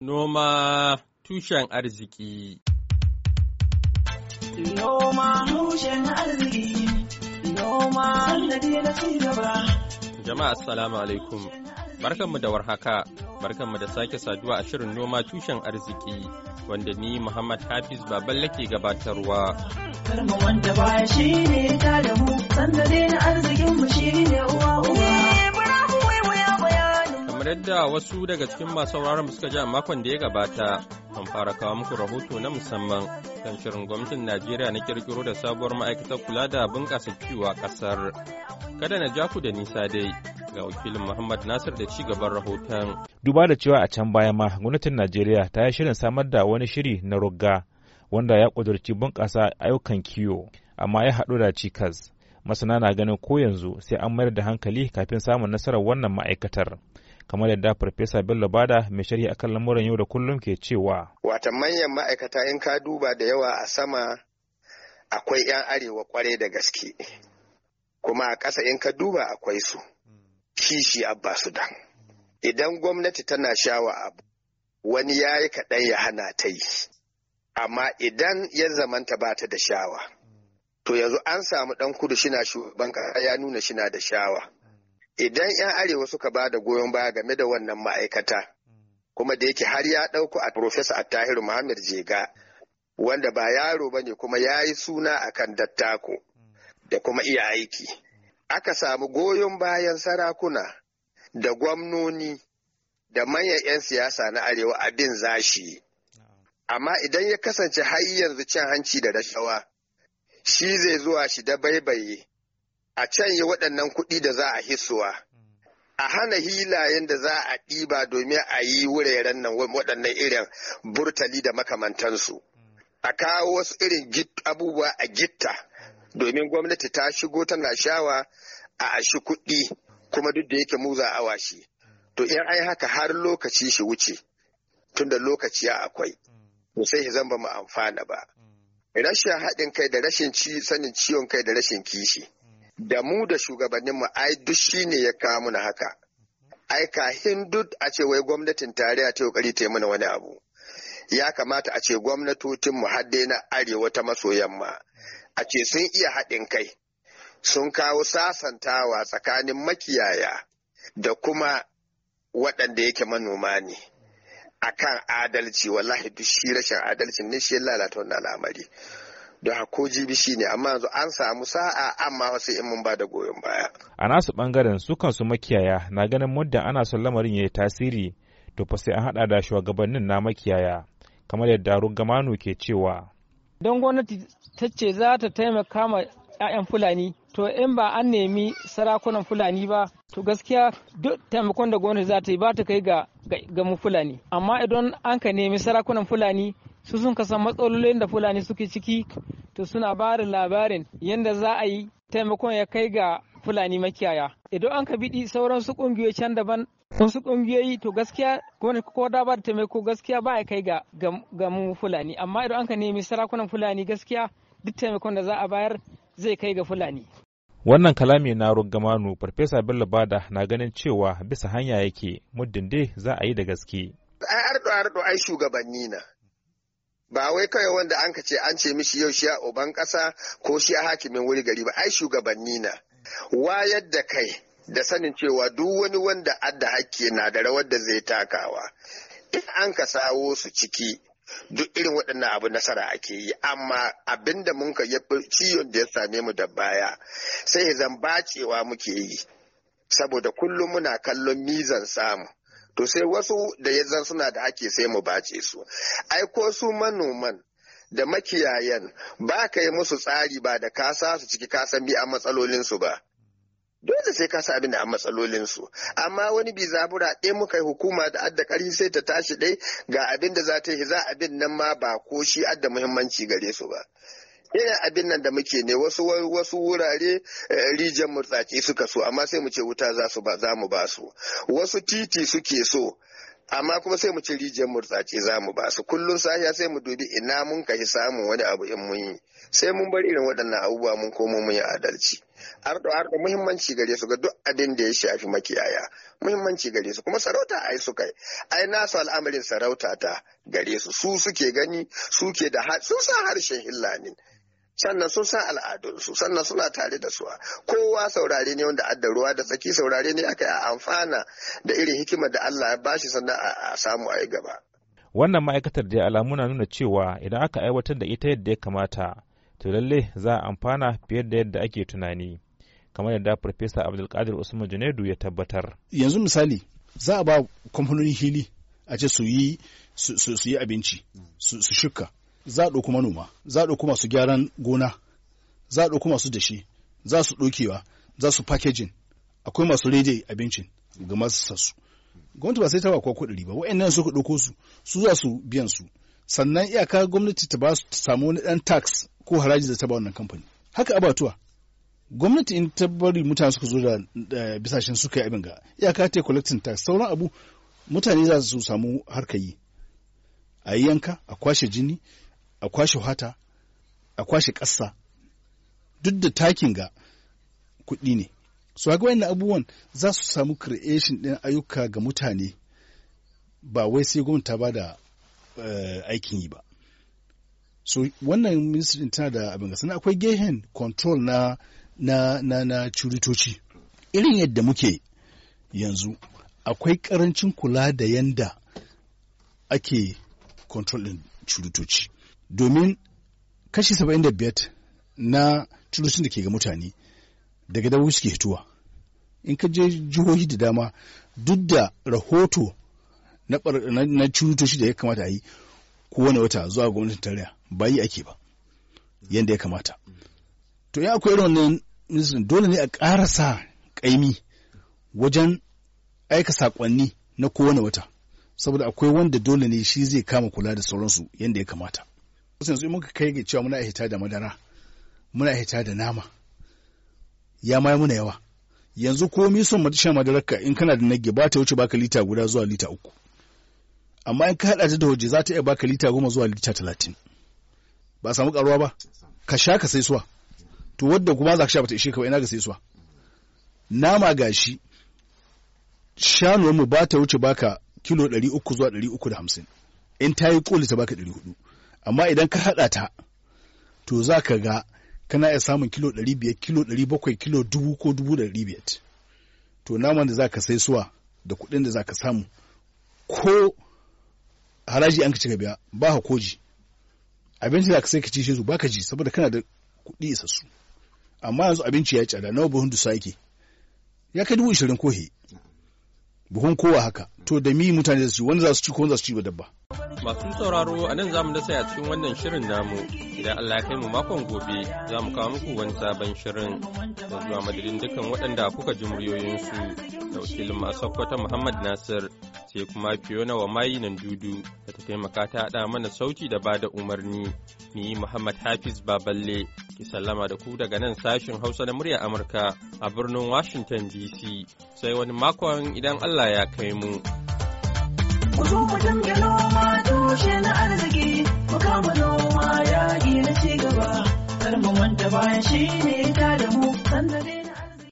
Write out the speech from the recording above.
Noma tushen arziki Noma tushen arziki Noma sannadi na ci gaba Jama'a assalamu alaikum Barkanmu da warhaka Barkanmu da sake saduwa a shirin noma tushen arziki wanda ni Muhammad Hafiz Baballe ke gabatarwa. Karma wanda baya shi ne ta da mu, sanda na arzikinmu shi ne uwa uwa. kamar yadda wasu daga cikin masu sauraron suka ji a makon da ya gabata an fara kawo muku rahoto na musamman kan shirin gwamnatin najeriya na kirkiro da sabuwar ma'aikatar kula da bunƙasa kiwo a ƙasar kada na ja ku da nisa dai ga wakilin muhammad nasir da ci gaban rahoton duba da cewa a can baya ma gwamnatin najeriya ta yi shirin samar da wani shiri na rugga wanda ya ƙudurci bunƙasa ayyukan kiwo amma ya haɗu da cikas masana na ganin ko yanzu sai an mayar da hankali kafin samun nasarar wannan ma'aikatar kamar yadda farfesa bello bada mai shari'a akan lamuran yau da kullum ke cewa wata manyan ma'aikata in ka duba da yawa a sama akwai 'yan arewa kwarai da gaske kuma a ƙasa in ka duba akwai su kishi abba su dan idan gwamnati tana shawa abu wani ya yi kaɗan ya hana ta yi amma idan ya zamanta ba ta da shawa to yanzu an samu ɗan kudu shina shugaban ƙasa ya nuna shi na da shawa idan 'yan arewa suka ba da goyon baya game da wannan ma'aikata kuma da yake har ya ɗauko a Profesa Attahiru Muhammad Jega wanda ba yaro ba ne kuma ya yi suna a kan dattako da kuma iya aiki. Aka samu goyon bayan sarakuna da gwamnoni da manyan 'yan siyasa na arewa abin zashi. Amma idan ya kasance har yanzu cin hanci da rashawa, shi zai zuwa shi dabaibaye. a can canye waɗannan kuɗi da za a hisuwa a hana hilayen da za a ɗiba domin a yi wuraren nan waɗannan irin burtali da makamantansu a kawo wasu irin abubuwa a gitta domin gwamnati ta shigo tana shawa a ashi kuɗi kuma duk da yake mu za a washi to in ai haka har lokaci shi wuce tunda lokaci ya akwai to sai zan ba mu amfana ba mm. rashin haɗin kai da rashin sanin ciwon kai da rashin kishi da mu da shugabanninmu ai duk shi ne ya kawo mana haka ai ka Hindu a ce wai gwamnatin tarayya ta kokari ta yi mana wani abu ya kamata a ce mu hadde na arewa ta maso yamma a ce sun iya haɗin kai sun kawo sasantawa tsakanin makiyaya da kuma waɗanda yake manoma ne akan adalci wallahi duk shi rashin adalcin ne shi lalata wannan al'amari da ko jibi shi ne amma yanzu an samu sa'a amma wasu in mun ba da goyon baya. A nasu bangaren su kansu makiyaya na ganin muddin ana son lamarin ya yi tasiri to fa sai an hada da shugabannin na makiyaya kamar yadda Rugamanu ke cewa. Don gwamnati ta ce za ta taimaka ma 'ya'yan Fulani to in ba an nemi sarakunan Fulani ba to gaskiya duk taimakon da gwamnati za ta yi ba ta kai ga ga mu Fulani amma idan an ka nemi sarakunan Fulani su sun kasan matsalolin da fulani suke ciki to suna bari labarin yadda za a yi taimakon ya kai ga fulani makiyaya idan an ka biɗi sauran su ƙungiyoyi can daban su ƙungiyoyi to gaskiya ko da ba da taimako gaskiya ba ya kai ga ga fulani amma idan an ka nemi sarakunan fulani gaskiya duk taimakon da za a bayar zai kai ga fulani wannan kalami na rugamanu farfesa bello bada na ganin cewa bisa hanya yake muddin dai za a yi da gaske ai ardo ardo ai shugabanni na ba wai kawai wanda an ce an ce mishi yau shi a uban ƙasa ko shi a hakimin wuri gari ba ai shugabanni na wayar da kai da sanin cewa duk wani wanda adda hakki na da rawar da zai takawa in an ka sawo su ciki duk irin waɗannan abu nasara ake yi amma abin da mun ya ciyon da ya same mu da baya sai zan bacewa muke yi saboda kullum muna kallon mizan samu to sai wasu da ya zan suna da ake sai mu bace su ai ko su manoman da makiyayan ba ka yi musu tsari ba da kasa su ciki kasan bi a matsalolinsu ba dole sai ka sa abin da a matsalolinsu amma wani bi zabura ɗaya muka yi hukuma da adda ƙari sai ta tashi ɗai ga abin da za ta yi za abin nan ma ba ko shi adda muhimmanci gare su ba irin abin nan da muke ne wasu wasu wurare eh, rijiyar murtsaki suka so amma sai mu ce wuta za su ba za mu ba su wasu titi suke so amma kuma sai mu ci rijiyar murtsace za mu ba su kullum sahiya sai mu dubi ina mun kashi samun wani abu in mun yi sai mun bar irin waɗannan abubuwa mun komo mun yi adalci ardo ardo muhimmanci gare su ga duk abin da ya shafi makiyaya muhimmanci gare su kuma sarauta ai su kai ai nasu al'amarin sarauta ta gare su su suke gani suke da su sa harshen hilla sannan sun san al'adunsu sannan suna tare da su kowa saurare ne wanda adda ruwa da tsaki saurare ne aka yi amfana da irin hikimar da Allah ya bashi sannan a samu a yi gaba. Wannan ma'aikatar da alamu na nuna cewa idan aka aiwatar da ita yadda ya kamata to lalle za a amfana fiye da yadda ake tunani. kamar yadda Farfesa Abdulkadir Usman Junaidu ya tabbatar. Yanzu misali za a ba kamfanonin hili a ce su yi abinci su shuka za a ɗauki manoma za a ɗauki masu gyaran gona za a ɗauki masu dashi za su ɗaukewa za su packaging akwai masu rede abincin ga masu sassu gwamnati ba sai ta bakwa kuɗi ba wa'annan suka ɗauko su su za su biyan su sannan iyaka gwamnati ta ba su samu wani ɗan tax ko haraji da ta ba wannan kamfani haka abatuwa gwamnati in ta bari mutane suka zo da bisashen suka yi abin ga iyaka ta collecting tax sauran abu mutane za su samu harka yi a yi yanka a kwashe jini a kwashe hata a kwashe ƙasa duk da takin ga kuɗi ne su haka wani abubuwan za su samu creation ɗin ayyuka ga mutane ba wai sai gwamnati ba da eh, aikin yi ba so wannan ministry tana da abin sannan akwai gehen control na na na na curitoci irin yadda muke yanzu akwai karancin kula da yanda ake control din curitoci domin kashi saba'in da 75 na cututtukan da ke ga mutane daga dawo suke hituwa in ka je jihohi da dama duk da rahoto na cututtuki da ya kamata a yi kowane wata zuwa gwamnatin tarayya ba yi ake ba yadda ya kamata to ya akwai irin wannan dole ne a ƙarasa ƙaimi wajen aika saƙonni na kowane wata saboda akwai wanda dole ne shi zai kama kula da sauransu yadda ya kamata yanzu muka kai ga cewa muna hita da madara muna hita da nama ya ma muna yawa yanzu komi son shan madararka in kana da nage ba ta wuce baka lita guda zuwa lita uku amma in ka haɗa ta da waje za ta iya baka lita goma zuwa lita talatin ba samu karuwa ba ka sha ka sai suwa to wadda kuma za ka sha bata ishe ka ba ina ga sai suwa nama gashi shanuwar mu ba ta wuce baka kilo ɗari uku zuwa ɗari uku da hamsin in ta yi ƙoli ta baka ɗari hudu amma idan ka haɗa ta to za ka ga kana iya samun kilo 500 kilo 700 kilo dubu ko biyar. to naman da za ka sai suwa da kuɗin da za ka samu ko haraji an ka cika biya ba ka koji abinci da ka sai ka ci su ba ka ji saboda kana da kuɗi isassu amma yanzu abinci ya tsada nawa buhun dusa yake ya kai dubu ishirin kohe buhun kowa haka to da mi mutane da su wani za su ci ko za su ci ba dabba. Masu sauraro a nan zamu dasa a cikin wannan shirin namu idan Allah ya kai mu makon gobe za mu kawo muku wani sabon shirin da zuwa madadin dukkan waɗanda kuka ji muryoyinsu da wakilin masu Muhammad Nasir sai kuma Fiona wa mayi nan dudu da ta taimaka ta haɗa mana sauti da ba da umarni ni Muhammad Hafiz Baballe ki sallama da ku daga nan sashin Hausa na murya Amurka a birnin Washington DC sai wani makon idan Allah ya kai mu. ku zo mu dinga noma tushe na arziki ku kama noma yaƙi na cigaba kar mu manta baya shine ta da mu